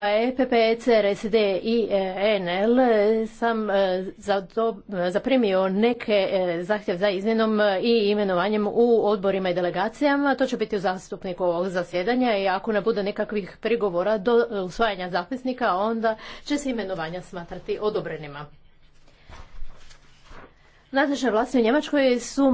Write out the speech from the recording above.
EPP, e CRSD i e, e NL sam zaprimio neke zahtjev za izmjenom i imenovanjem u odborima i delegacijama. To će biti u zastupniku ovog zasjedanja i ako ne bude nekakvih prigovora do usvajanja zapisnika, onda će se imenovanja smatrati odobrenima. Nadležne vlasti u Njemačkoj su